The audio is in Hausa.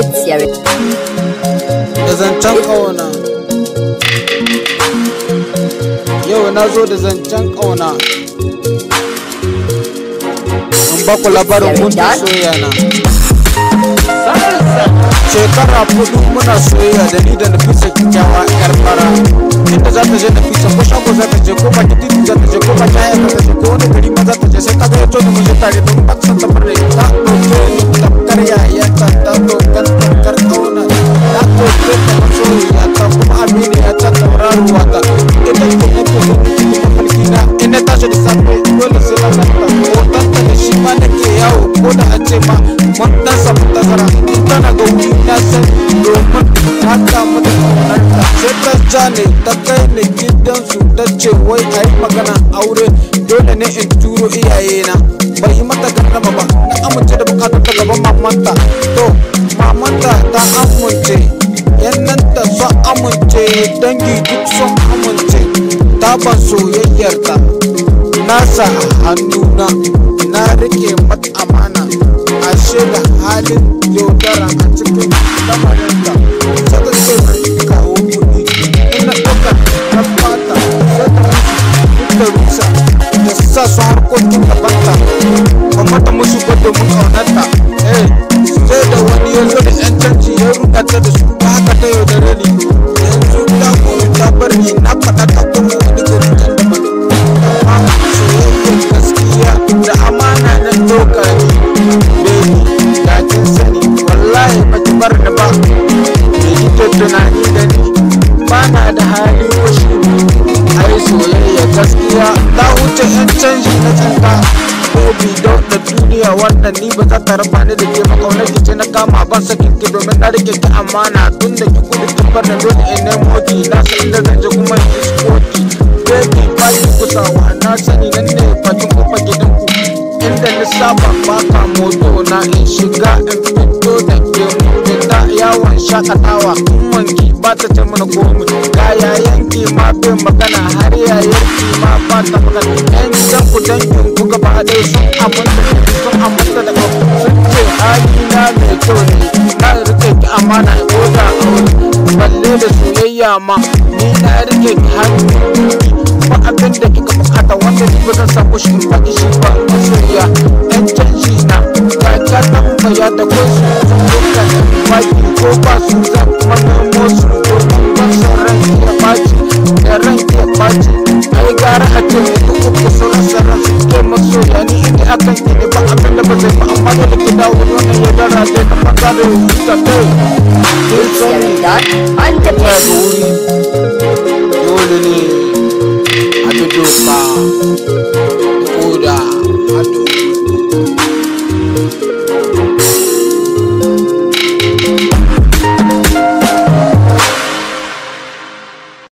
It's your da na zo da zancen ƙauna in ba ku labarin gudun soya na shekara hudu muna soyayya da ni da nufisa kyakkyawa yar fara inda za ta je nufisa ko shago za ta je ko ba ta titi za ta je ko ba ta haya za ta je ko wani gari ma za ta je na ina tashi da safe dole su lalata ko tantane shi ma nake yawo ko da an ce ma mun dan samu tazara in tana ga wuri na san domin haka mu da kaunarta sai ta ja ne ta kai ni gidansu ta ce wai a yi magana aure dole ne in turo iyayena bai yi mata gardama ba na amince da bukatar ta gaban mamanta to mamanta ta amince yan nan ta sa amince dangi soyayyar soyayyarka nasa a hannuna na rike matamana a ashe da halin yaudara a cikin lamarinka saka ce kawo kuɗi ina ɗaukar na fata saka da rusa da sa su harkokin da bata kuma ta musu gwadda mun ƙaunar gaskiya ta wuce yan canji na tsinka Baby don da duniya wannan ni ba za ta rafa ni da ke makauna ki na kama ban sakin ki domin na rike ki amana tun da ki kudu ki bar dole in nemo ki na san da zan kuma ki skoki baby ba ki kusawa na sani nan ne bakin kuma gidan ku inda ni saba ba ka moto na in shiga in yawon shakatawa wanki ba ta ce mana komi ga yayan ki ma bai magana har yayan ki ma ba ta magana yan gidan ku dangin ku gaba ɗaya sun aminta sun aminta da ku sun ce haki na mai kyau ne na rike ki amana ko da balle da soyayya ma ni na rike ki hannu ba abin da kika bukata wanda ni ba zan samu shi ba ki shi ba soyayya yan canji na ya ta tambaya da wasu lokacin по басу Затманным осу Баса рэнке пати Я рэнке пати Ай гара хотел Ты купил сон асара Кем асу Я не шуни атанки Не ба амин Не базы Ба амаду Не кида у Но не еда раде Не пагаду Ута ты Ты сон Анте пэду Юлини Аду дупа Юлини